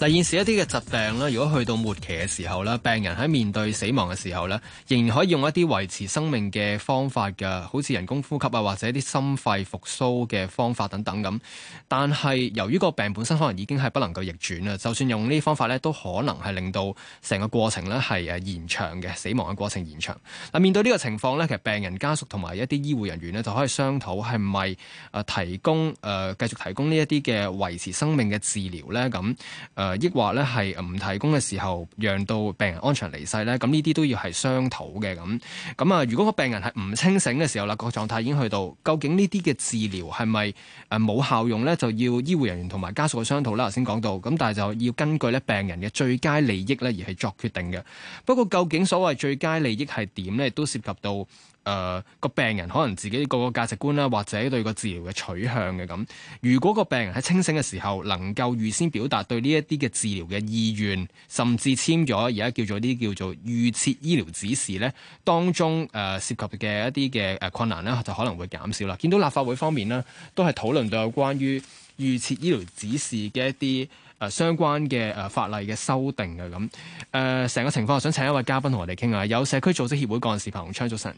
嗱，現時一啲嘅疾病啦，如果去到末期嘅時候咧，病人喺面對死亡嘅時候咧，仍然可以用一啲維持生命嘅方法㗎，好似人工呼吸啊，或者一啲心肺復甦嘅方法等等咁。但係由於個病本身可能已經係不能夠逆轉啦，就算用呢啲方法咧，都可能係令到成個過程咧係誒延長嘅，死亡嘅過程延長。嗱，面對呢個情況咧，其實病人家屬同埋一啲醫護人員咧，就可以商討係咪誒提供誒、呃、繼續提供呢一啲嘅維持生命嘅治療咧咁、呃抑或咧係唔提供嘅時候，讓到病人安全離世咧，咁呢啲都要係商討嘅咁。咁啊，如果個病人係唔清醒嘅時候啦，個狀態已經去到，究竟呢啲嘅治療係咪誒冇效用咧，就要醫護人員同埋家屬嘅商討啦。頭先講到，咁但係就要根據咧病人嘅最佳利益咧而係作決定嘅。不過究竟所謂最佳利益係點咧，都涉及到。誒個、呃、病人可能自己個個價值觀啦，或者對個治療嘅取向嘅咁。如果個病人喺清醒嘅時候能夠預先表達對呢一啲嘅治療嘅意願，甚至簽咗而家叫做啲叫做預設醫療指示呢，當中誒、呃、涉及嘅一啲嘅誒困難呢，就可能會減少啦。見到立法會方面呢，都係討論到有關於預設醫療指示嘅一啲誒相關嘅誒法例嘅修訂嘅咁誒成個情況，我想請一位嘉賓同我哋傾下，有社區組織協會幹事彭鴻昌，早晨。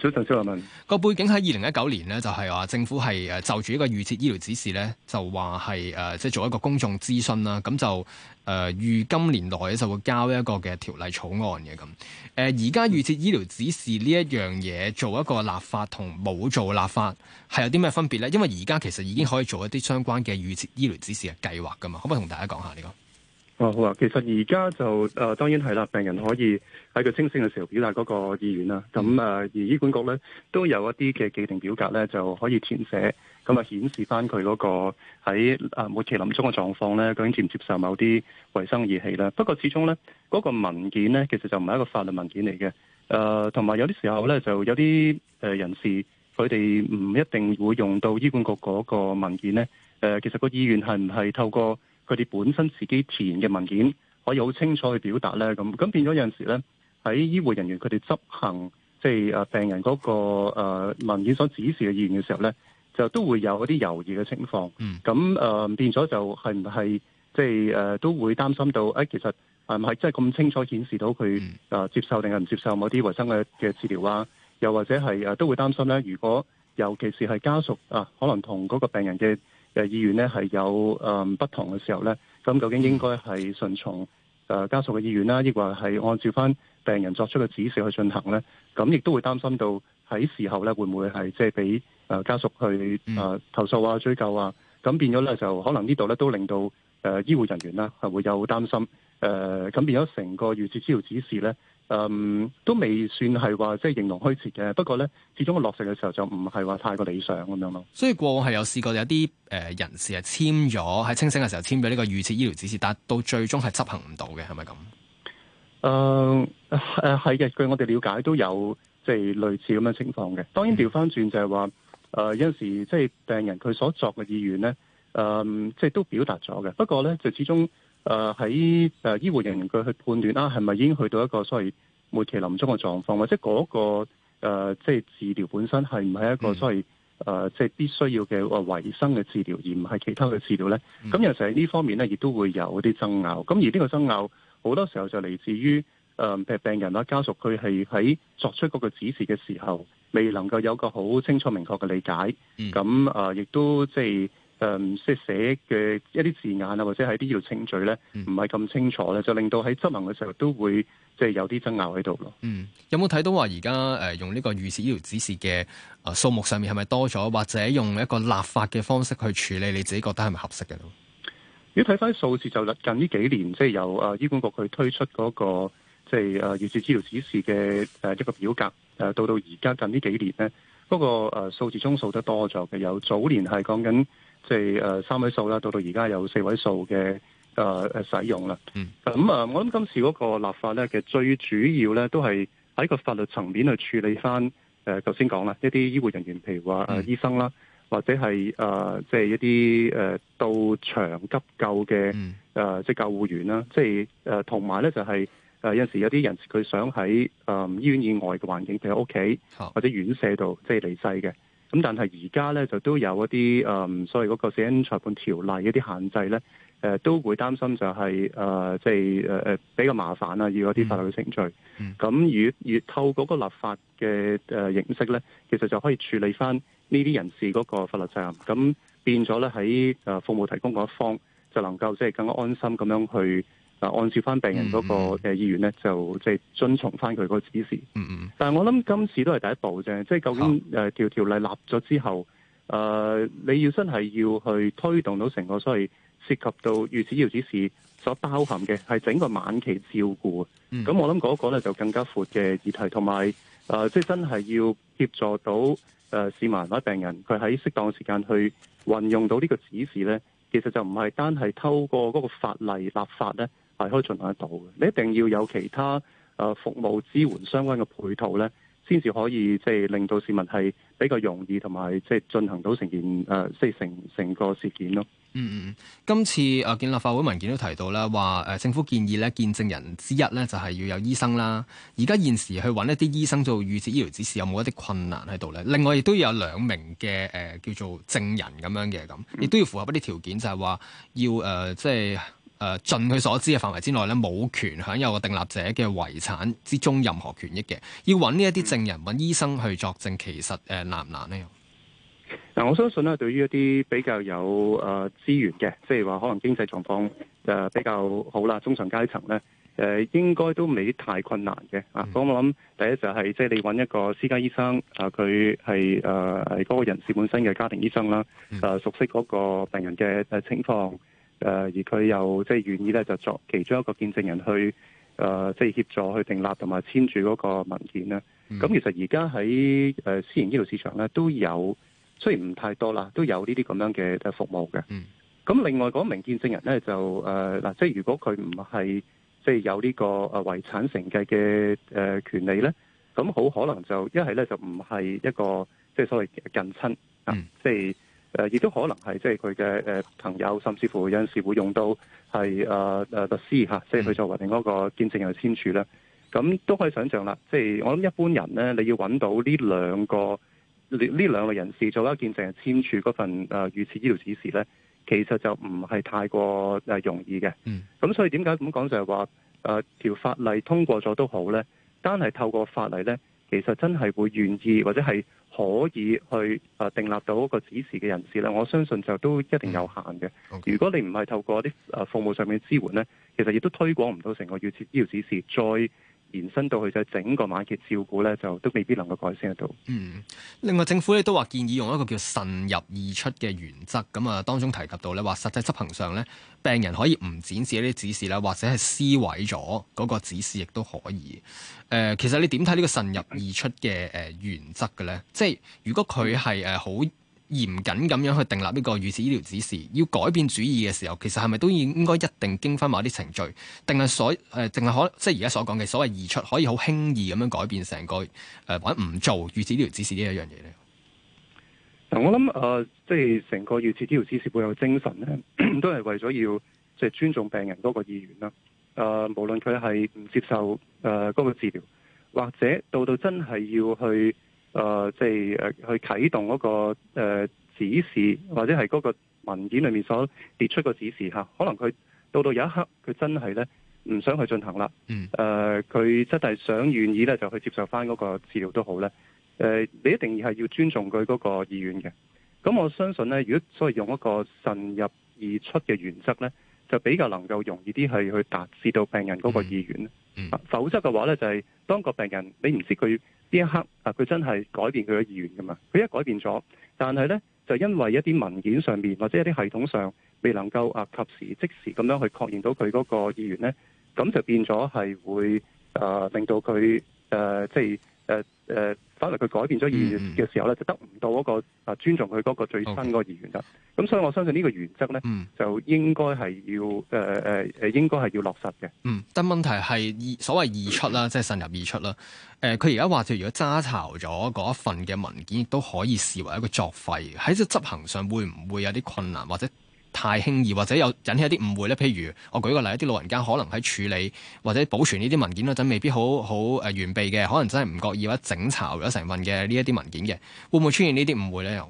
早就早入問個背景，喺二零一九年呢，就係話政府係誒就住一個預設醫療指示呢，就話係即係做一個公眾諮詢啦。咁就誒預今年內就會交一個嘅條例草案嘅咁。誒而家預設醫療指示呢一樣嘢做一個立法同冇做立法係有啲咩分別呢？因為而家其實已經可以做一啲相關嘅預設醫療指示嘅計劃㗎嘛，可唔可以同大家講下呢、這個？哦好啊，其實而家就誒、呃、當然係啦，病人可以喺佢清醒嘅時候表達嗰個意願啦，咁啊、嗯，而醫管局咧都有一啲嘅既定表格咧就可以填寫，咁啊顯示翻佢嗰個喺啊每期臨終嘅狀況咧，究竟接唔接受某啲衞生儀器咧？不過始終咧嗰、那個文件咧，其實就唔係一個法律文件嚟嘅，誒、呃，同埋有啲時候咧就有啲誒人士佢哋唔一定會用到醫管局嗰個文件咧，誒、呃，其實嗰個意願係唔係透過佢哋本身自己填嘅文件可以好清楚去表達咧？咁咁變咗有陣時咧。喺醫護人員佢哋執行即係誒病人嗰個文件所指示嘅意願嘅時候咧，就都會有一啲猶豫嘅情況。咁誒、mm. 呃、變咗就係唔係即係誒都會擔心到誒其實係唔係真係咁清楚顯示到佢誒、呃、接受定係唔接受某啲維生嘅嘅治療啊？又或者係誒、呃、都會擔心咧，如果尤其是係家屬啊、呃，可能同嗰個病人嘅誒意願咧係有誒、呃、不同嘅時候咧，咁究竟應該係順從誒、呃、家屬嘅意願啦，亦或係按照翻？病人作出嘅指示去進行咧，咁亦都會擔心到喺時候咧會唔會係即係俾誒家屬去誒投訴啊、嗯、追究啊，咁變咗咧就可能呢度咧都令到誒醫護人員啦係會有擔心誒，咁、呃、變咗成個預設醫療指示咧，嗯、呃、都未算係話即係形同虛設嘅，不過咧始終嘅落實嘅時候就唔係話太過理想咁樣咯。所以過往係有試過有啲誒人士係簽咗喺清醒嘅時候簽咗呢個預設醫療指示，但到最終係執行唔到嘅，係咪咁？誒誒係嘅，據我哋了解都有即係類似咁樣情況嘅。當然調翻轉就係話誒有陣時即係病人佢所作嘅意願咧，誒即係都表達咗嘅。不過咧就始終誒喺誒醫護人員佢去判斷啊係咪已經去到一個所謂末期臨終嘅狀況，或者嗰個誒即係治療本身係唔係一個所謂誒即係必須要嘅維生嘅治療，而唔係其他嘅治療咧。咁有時喺呢方面咧亦都會有啲爭拗。咁而呢個爭拗好多時候就嚟自於誒、嗯，病人啦、家屬，佢係喺作出嗰個指示嘅時候，未能夠有一個好清楚明確嘅理解。咁誒、嗯，亦、呃、都即係誒，即係寫嘅一啲字眼啊，或者喺呢要程序咧，唔係咁清楚咧，嗯、就令到喺執行嘅時候都會即係、就是、有啲爭拗喺度咯。嗯，有冇睇到話而家誒用呢個預設醫療指示嘅誒數目上面係咪多咗，或者用一個立法嘅方式去處理？你自己覺得係咪合適嘅？如果睇翻啲數字，就近呢幾年，即、就、係、是、由啊醫管局去推出嗰、那個，即係啊預設醫，醫療指示嘅誒一個表格，誒到到而家近呢幾年咧，嗰、那個誒、啊、數字中數得多咗嘅，有早年係講緊即係誒三位數啦，到到而家有四位數嘅誒誒使用啦。咁啊、嗯嗯，我諗今次嗰個立法咧，其實最主要咧都係喺個法律層面去處理翻誒，頭先講啦，說一啲醫護人員，譬如話誒、啊嗯、醫生啦。或者係誒，即、呃、係、就是、一啲誒、呃、到場急救嘅誒，即、呃、係、就是、救護員啦，嗯、即係誒同埋咧就係、是、誒、呃，有時有啲人佢想喺誒、呃、醫院以外嘅環境，譬如屋企或者院舍度即係離世嘅。咁但係而家咧就都有一啲誒、呃，所謂嗰個死因裁判條例的一啲限制咧。誒、呃、都會擔心就係、是、誒、呃、即係誒、呃、比較麻煩啊，要有啲法律程序。咁如越透過嗰個立法嘅誒、呃、形式咧，其實就可以處理翻呢啲人士嗰個法律責任。咁變咗咧喺誒服務提供嗰一方，就能夠即係更加安心咁樣去誒、啊、按照翻病人嗰個誒、嗯呃、意願咧，就即係遵從翻佢嗰指示。嗯嗯。嗯但係我諗今次都係第一步啫。嗯、即係究竟誒條條例立咗之後，誒、呃、你要真係要去推動到成個所謂。涉及到預設醫療指示所包含嘅係整個晚期照顧，咁、嗯、我諗嗰個咧就更加闊嘅議題，同埋誒，即、呃、係、就是、真係要協助到誒、呃、市民或者病人，佢喺適當時間去運用到呢個指示咧，其實就唔係單係透過嗰個法例立法咧係可以進行得到嘅，你一定要有其他誒、呃、服務支援相關嘅配套咧，先至可以即係令到市民係比較容易同埋即係進行到成件誒即係成成個事件咯。嗯嗯，今次啊，見立法會文件都提到啦，話誒、呃、政府建議咧，見證人之一咧就係、是、要有醫生啦。而家現時去揾一啲醫生做預設醫療指示，有冇一啲困難喺度咧？另外亦都有兩名嘅誒、呃、叫做證人咁樣嘅，咁亦都要符合一啲條件就，就係話要誒、呃、即係誒盡佢所知嘅範圍之內咧，冇權享有個訂立者嘅遺產之中任何權益嘅。要揾呢一啲證人揾、嗯、醫生去作證，其實誒、呃、難唔難呢？嗱，我相信咧，對於一啲比較有誒資源嘅，即係話可能經濟狀況誒比較好啦，中上階層咧，誒應該都未太困難嘅啊。咁、mm. 我諗第一就係即係你揾一個私家醫生，啊佢係誒嗰個人士本身嘅家庭醫生啦，誒、mm. 熟悉嗰個病人嘅誒情況，誒而佢又即係願意咧就作其中一個見證人去誒即係協助去訂立同埋簽署嗰個文件啦。咁、mm. 其實而家喺誒私營醫療市場咧都有。雖然唔太多啦，都有呢啲咁樣嘅誒服務嘅。嗯，咁另外嗰名見證人咧就誒嗱、呃，即係如果佢唔係即係有呢個誒遺產承繼嘅誒權利咧，咁好可能就一係咧就唔係一個即係所謂近親、嗯、啊，即係誒亦都可能係即係佢嘅誒朋友，甚至乎有陣時會用到係誒誒律師吓，即係佢作為另一個見證人嘅簽署咧。咁、嗯、都可以想象啦，即係我諗一般人咧，你要揾到呢兩個。呢兩個人士做一件成日簽署嗰份誒預設醫療指示呢，其實就唔係太過誒容易嘅。嗯，咁所以點解咁講就係話誒條法例通過咗都好呢，單係透過法例呢，其實真係會願意或者係可以去誒訂、呃、立到一個指示嘅人士咧，我相信就都一定有限嘅。嗯 okay. 如果你唔係透過啲誒服務上面嘅支援呢，其實亦都推廣唔到成個預設醫療指示再。延伸到去就整個晚期照顧咧，就都未必能夠改善得到。嗯，另外政府咧都話建議用一個叫慎入易出嘅原則，咁啊，當中提及到咧話實際執行上咧，病人可以唔展示呢啲指示咧，或者係撕毀咗嗰個指示亦都可以。誒、呃，其實你點睇呢個慎入易出嘅誒原則嘅咧？即係如果佢係誒好嚴謹咁樣去訂立呢個預設醫療指示，要改變主意嘅時候，其實係咪都應該一定經翻某啲程序，定係所誒，淨、呃、係可即係而家所講嘅所謂移出，可以好輕易咁樣改變成個誒或者唔做預設醫療指示這一件事呢一樣嘢咧？嗱，我諗誒，即係成個預設醫療指示不會有精神咧， 都係為咗要即係尊重病人嗰個意願啦。誒、呃，無論佢係唔接受誒嗰、呃嗰個治療，或者到到真係要去。誒、呃，即係誒、呃、去啟動嗰、那個、呃、指示，或者係嗰個文件裏面所列出個指示、啊、可能佢到到有一刻佢真係咧唔想去進行啦。嗯，誒佢、呃、真係想願意咧就去接受翻嗰個治療都好咧。誒、呃，你一定係要尊重佢嗰個意願嘅。咁我相信咧，如果所謂用一個慎入而出嘅原則咧。就比較能夠容易啲去去達至到病人嗰個意願，嗯嗯、否則嘅話呢就係、是、當個病人你唔知佢邊一刻啊佢真係改變佢嘅意願噶嘛，佢一改變咗，但係呢就因為一啲文件上面或者一啲系統上未能夠啊及時即時咁樣去確認到佢嗰個意願呢，咁就變咗係會啊、呃、令到佢誒、呃、即係誒誒。呃呃翻嚟佢改變咗意願嘅時候咧，就得唔到嗰個啊尊重佢嗰個最新嗰個意願啦。咁 Okay. 所以我相信呢個原則咧，就應該係要誒誒誒，應該係要落實嘅。嗯，但問題係所謂易出啦，即係慎入易出啦。誒、呃，佢而家話就如果揸巢咗嗰一份嘅文件，亦都可以視為一個作廢，喺個執行上，會唔會有啲困難或者？太輕易或者有引起一啲誤會咧，譬如我舉個例，一啲老人家可能喺處理或者保存呢啲文件嗰陣，未必好好誒完備嘅，可能真係唔覺意或者整抄咗成份嘅呢一啲文件嘅，會唔會出現呢啲誤會咧？又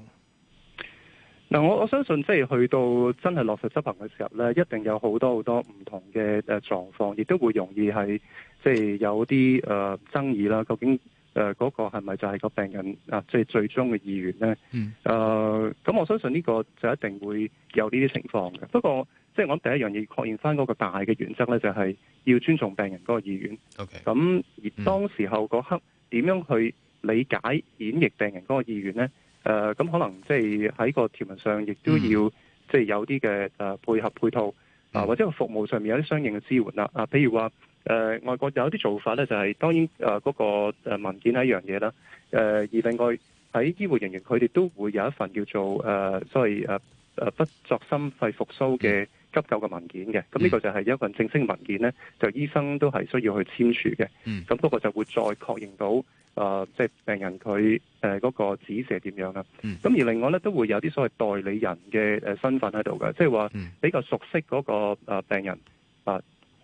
嗱，我我相信即係去到真係落實執行嘅時候咧，一定有好多好多唔同嘅誒狀況，亦都會容易係即係有啲誒、呃、爭議啦。究竟？誒嗰、呃那個係咪就係個病人啊？即係最終嘅意願咧？誒咁、嗯，呃、那我相信呢個就一定會有呢啲情況嘅。不過，即、就、係、是、我諗第一樣嘢確認翻嗰個大嘅原則咧，就係、是、要尊重病人嗰個意願。OK，咁而當時候嗰刻點樣去理解演繹病人嗰個意願咧？誒、呃、咁可能即係喺個條文上亦都要即係有啲嘅誒配合配套啊、嗯呃，或者個服務上面有啲相應嘅支援啦。啊、呃，譬如話。誒、呃、外國有一啲做法咧，就係、是、當然誒嗰、呃那個文件係一樣嘢啦。誒、呃、而另外喺醫護人員，佢哋都會有一份叫做誒、呃、所謂誒誒、呃呃、不作心肺復甦嘅急救嘅文件嘅。咁呢個就係一份正式文件咧，就醫生都係需要去簽署嘅。嗯，咁嗰個就會再確認到誒即係病人佢誒嗰個指示係點樣啦。咁、嗯、而另外咧都會有啲所謂代理人嘅誒身份喺度嘅，即係話比較熟悉嗰個病人啊。呃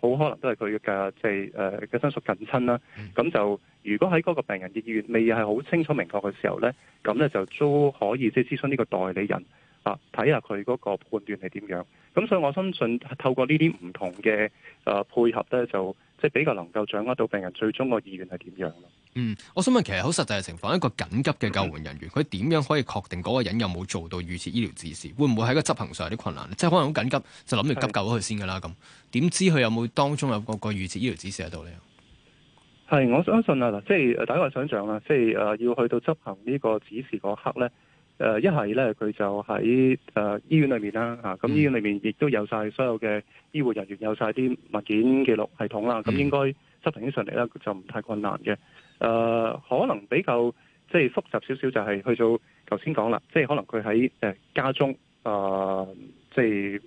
好可能都係佢嘅，即係誒嘅身屬近親啦。咁就如果喺嗰個病人嘅意願未係好清楚明確嘅時候咧，咁咧就都可以即係諮詢呢個代理人。睇下佢嗰個判斷係點樣，咁所以我相信透過呢啲唔同嘅誒配合咧，就即係比較能夠掌握到病人最終嘅意願係點樣咯。嗯，我想問，其實好實際嘅情況，一個緊急嘅救援人員，佢點、嗯、樣可以確定嗰個人有冇做到預設醫療指示？會唔會喺個執行上有啲困難咧？即係可能好緊急，就諗住急救咗佢先㗎啦。咁點是知佢有冇當中有個個預設醫療指示喺度呢？係，我相信啊，即係大家話想象啦，即係誒、呃，要去到執行呢個指示嗰刻咧。誒一係咧，佢、呃、就喺誒、呃、醫院裏面啦，咁、嗯、醫院裏面亦都有曬所有嘅醫護人員，有曬啲物件記錄系統啦，咁、嗯、應該執行起上嚟呢，就唔太困難嘅。誒可能比較即係、就是、複雜少少，就係去到，頭先講啦，即係可能佢喺家中，啊即係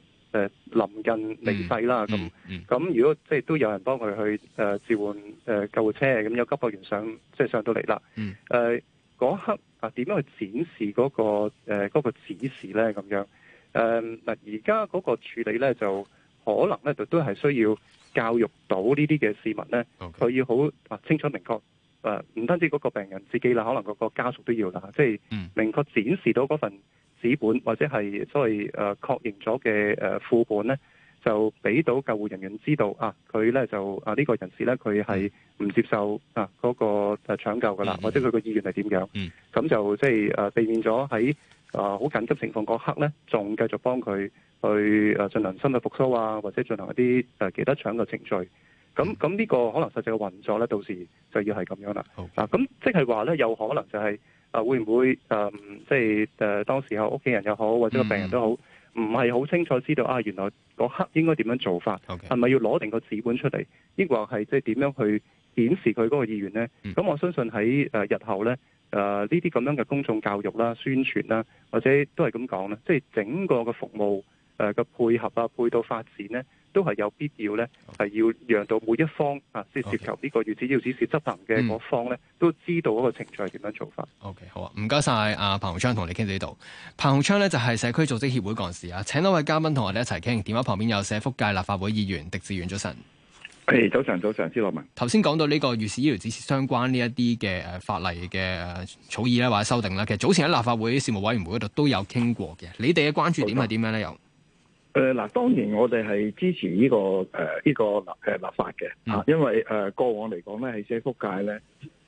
臨近離世啦。咁咁如果即係、就是、都有人幫佢去誒召喚救護車，咁有急救員上即係、就是、上到嚟啦。嗯呃嗰刻啊，點樣去展示嗰個誒嗰個指示咧？咁樣誒嗱，而家嗰個處理咧，就可能咧就都係需要教育到呢啲嘅市民咧，佢 Okay. 要好啊清楚明確啊，唔單止嗰個病人自己啦，可能嗰個家屬都要啦，即係明確展示到嗰份紙本或者係所謂誒確認咗嘅誒副本咧。就俾到救護人員知道啊，佢咧就啊呢、這個人士咧佢係唔接受啊嗰、那個誒搶救噶啦，嗯、或者佢個意願係點樣？咁、嗯、就即係誒避免咗喺啊好緊急情況嗰刻咧，仲繼續幫佢去誒、呃、進行心肺復甦啊，或者進行一啲誒、呃、其他搶救嘅程序。咁咁呢個可能實際嘅運作咧，到時就要係咁樣啦。okay. 啊，咁即係話咧，有可能就係、是、啊會唔會誒、呃、即係誒、呃、當時候屋企人又好，或者個病人都好。嗯唔係好清楚知道啊！原來嗰刻應該點樣做法？係咪 Okay. 要攞定個紙本出嚟？抑或係即係點樣去顯示佢嗰個意願呢？咁、嗯、我相信喺誒日後呢，誒呢啲咁樣嘅公眾教育啦、宣傳啦，或者都係咁講啦，即、就、係、係、整個嘅服務誒嘅配合啊、配套發展呢，都係有必要咧，係要讓到每一方啊，即係涉及呢個預設醫療指示執行嘅嗰方咧，都知道嗰個程序係點樣做法。OK，好啊，唔該晒。啊彭鴻昌同你傾到呢度。彭鴻昌咧就係社區組織協會幹事啊。請多位嘉賓同我哋一齊傾。電話旁邊有社福界立法會議員狄志遠，早晨。誒，早晨，早晨，朱樂文。頭先講到呢個預設醫療指示相關呢一啲嘅誒法例嘅草擬咧或者修訂啦，其實早前喺立法會事務委員會嗰度都有傾過嘅。你哋嘅關注點係點樣咧？又？誒，嗱、呃，當然我哋係支持呢、這個誒呢、呃這個立誒立法嘅啊，因為誒、呃、過往嚟講咧，喺社福界咧，誒、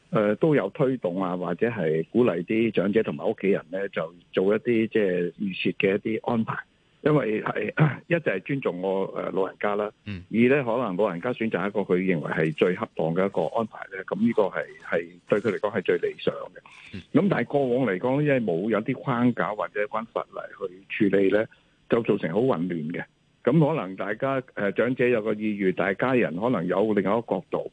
呃、都有推動啊，或者係鼓勵啲長者同埋屋企人咧，就做一啲即係預設嘅一啲安排，因為係一就係尊重我誒老人家啦，二咧、嗯、可能老人家選擇一個佢認為係最恰當嘅一個安排咧，咁呢個係係對佢嚟講係最理想嘅。咁、嗯、但係過往嚟講，因為冇有啲框架或者關法例去處理咧。就造成好混亂嘅，咁可能大家誒、呃、長者有個意願，大家人可能有另一個角度，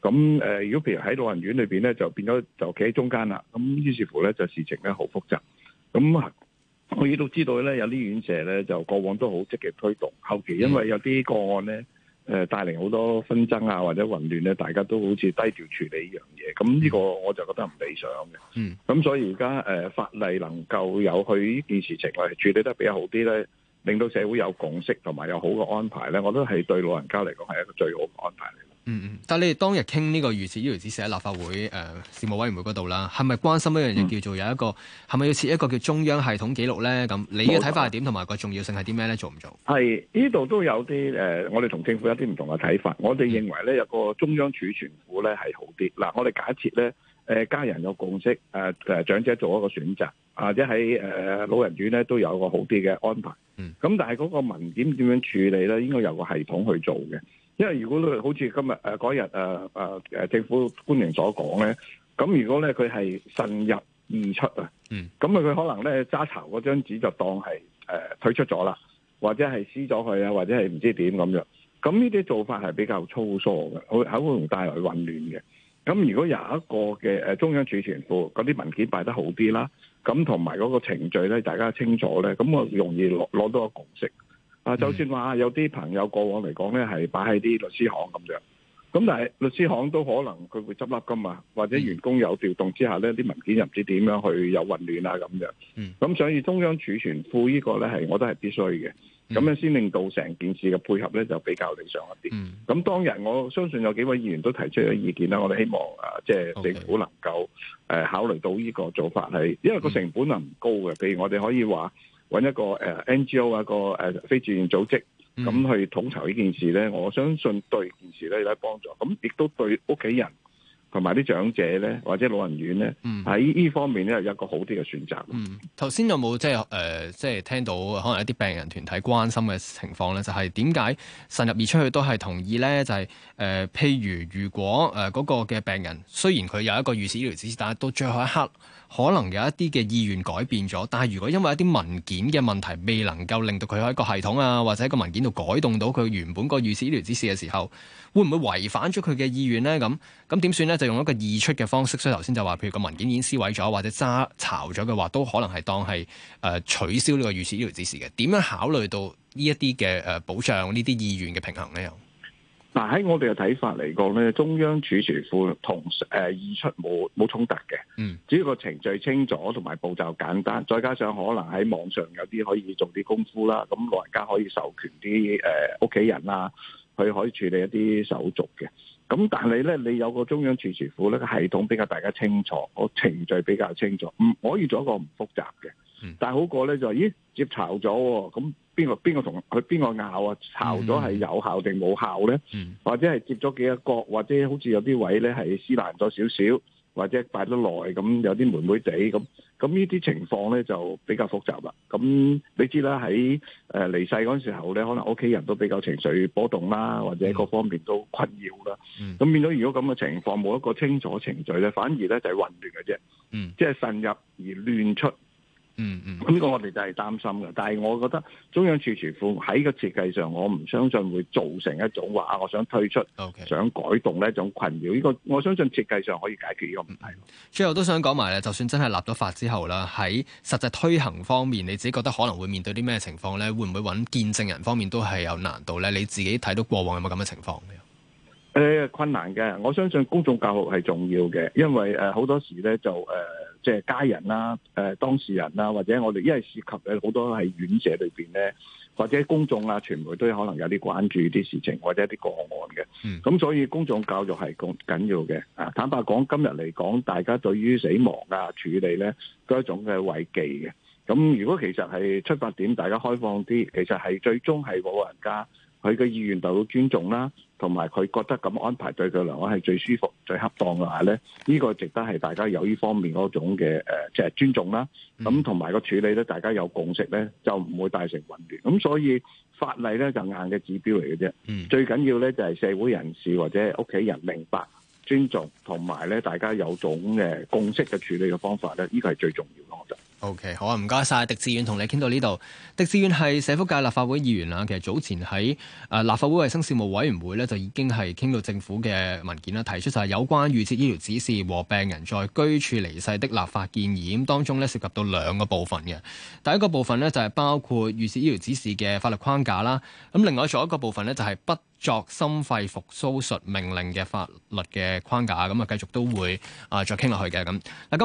咁誒、呃、如果譬如喺老人院裏面咧，就變咗就企喺中間啦，咁於是乎咧就事情咧好複雜，咁我亦都知道咧有啲院舍咧就過往都好積極推動，後期因為有啲個案咧。嗯誒帶嚟好多紛爭啊，或者混亂咧，大家都好似低調處理呢樣嘢，咁呢個我就覺得唔理想嘅。嗯，咁所以而家誒法例能夠有去呢件事情咧處理得比較好啲咧，令到社會有共識同埋有好嘅安排咧，我覺得係對老人家嚟講係一個最好嘅安排。嗯嗯，但係你哋當日傾呢個預設醫療指示寫喺立法會誒、呃、事務委員會嗰度啦，係咪關心一樣嘢叫做有一個係咪要設一個叫中央系統記錄咧？咁你嘅睇法係點同埋個重要性係啲咩咧？做唔做？係呢度都有啲誒、呃，我哋同政府有啲唔同嘅睇法。我哋認為咧，有個中央儲存庫咧係好啲。嗱、呃，我哋假設咧誒、呃、家人有共識誒誒、呃、長者做一個選擇，或者喺誒、呃、老人院咧都有一個好啲嘅安排。咁、嗯、但係嗰個文件點樣處理咧，應該由個系統去做嘅。因為如果好似今日誒嗰日誒政府官員所講咧，咁如果咧佢係慎入而出啊，咁啊佢可能咧揸頭嗰張紙就當係誒退出咗啦，或者係撕咗佢啊，或者係唔知點咁樣，咁呢啲做法係比較粗疏嘅，好容易會帶來混亂嘅。咁如果有一個嘅中央儲存庫嗰啲文件擺得好啲啦，咁同埋嗰個程序咧大家清楚咧，咁咪容易攞攞到個共識。啊， 就算話有啲朋友過往嚟講咧，係擺喺啲律師行咁樣，咁但係律師行都可能佢會執笠噶嘛，或者員工有調動之下咧，啲文件又唔知點樣去有混亂啊咁樣。嗯，咁所以中央儲存庫呢個呢個咧係我都係必須嘅，咁 樣先令到成件事嘅配合咧就比較理想一啲。咁 當日我相信有幾位議員都提出咗意見啦，我哋希望啊，即、呃、係、就是、政府能夠誒、呃、考慮到呢個做法係，因為個成本啊唔高嘅，譬如我哋可以話。揾一個誒 NGO 一個誒非志願組織，咁去統籌呢件事咧，我相信對這件事咧有幫助，咁亦都對屋企人。同埋啲長者咧，或者老人院咧，喺呢方面咧，有一個好啲嘅選擇。頭先、嗯、有冇即係即係聽到可能一啲病人團體關心嘅情況咧，就係點解慎入而出去都係同意咧？就係、是呃、譬如如果嗰、呃嗰個嘅病人雖然佢有一個預設醫療指示，但係到最後一刻可能有一啲嘅意願改變咗，但係如果因為一啲文件嘅問題未能夠令到佢喺個系統啊或者一個文件度改動到佢原本個預設醫療指示嘅時候，會唔會違反咗佢嘅意願咧？咁咁點算咧？就用一個易出嘅方式，所以頭先就話，譬如個文件已經撕毀咗或者揸巢咗嘅話，都可能係當係誒取消呢個預設醫療指示嘅，點樣考慮到呢一啲嘅誒保障呢啲意願嘅平衡咧？又嗱喺我哋嘅睇法嚟講咧，中央儲存庫同誒易出冇冇衝突嘅，嗯，只要個程序清楚同埋步驟簡單，再加上可能喺網上有啲可以做啲功夫啦，咁老人家可以授權啲誒屋企人啦，佢可以處理一啲手續嘅。咁但係咧，你有個中央儲存庫咧，個系統比較大家清楚，個程序比較清楚，唔可以做一個唔複雜嘅。嗯、但好過咧就話咦接巢咗，咁邊個邊個同佢邊個拗啊？巢咗係有效定冇效咧？嗯、或者係接咗幾個角，或者好似有啲位咧係撕爛咗少少。或者擺得耐，咁有啲妹妹哋，咁咁呢啲情況咧就比較複雜啦。咁你知啦，喺誒離世嗰陣時候咧，可能屋企人都比較情緒波動啦，或者各方面都困擾啦。咁變咗，如果咁嘅情況，冇一個清楚程序咧，反而咧就係混亂嘅啫。嗯，即係慎入而亂出。嗯嗯，呢、嗯、個我哋就係擔心嘅，但係我覺得中央儲儲備喺個設計上，我唔相信會造成一種話我想退出，Okay. 想改動呢一種困擾。呢、這個我相信設計上可以解決呢個問題。嗯、最後都想講埋咧，就算真係立咗法之後咧，喺實際推行方面，你自己覺得可能會面對啲咩情況咧？會唔會搵見證人方面都係有難度咧？你自己睇到過往有冇咁嘅情況？誒、呃，困難嘅。我相信公眾教育係重要嘅，因為誒好、呃、多時咧就誒。呃即係家人啦、誒、呃、當事人啦，或者我哋因為涉及嘅好多喺院舍裏面咧，或者公眾啊、傳媒都可能有啲關注啲事情或者一啲個案嘅。咁、嗯、所以公眾教育係咁緊要嘅。啊，坦白講，今日嚟講，大家對於死亡啊處理咧，都係一種嘅畏忌嘅。咁如果其實係出發點，大家開放啲，其實係最終係老人家佢嘅意願得到尊重啦。同埋佢覺得咁安排對佢嚟講係最舒服、最恰當嘅話咧，呢個值得係大家有呢方面嗰種嘅即係尊重啦。咁同埋個處理咧，大家有共識咧，就唔會帶成混亂。咁所以法例咧就硬嘅指標嚟嘅啫。最緊要咧就係社會人士或者屋企人明白尊重，同埋咧大家有種嘅共識嘅處理嘅方法咧，呢個係最重要咯，我覺得。OK，好啊，唔該晒。狄志遠同你傾到呢度。狄志遠係社福界立法會議員啊，其實早前喺啊立法會衞生事務委員會呢，就已經係傾到政府嘅文件啦，提出就係有關預設醫療指示和病人在居處離世的立法建議，咁當中呢，涉及到兩個部分嘅。第一個部分呢，就係包括預設醫療指示嘅法律框架啦，咁另外仲有一個部分呢，就係不作心肺復甦術命令嘅法律嘅框架，咁啊繼續都會啊再傾落去嘅咁。嗱，今日。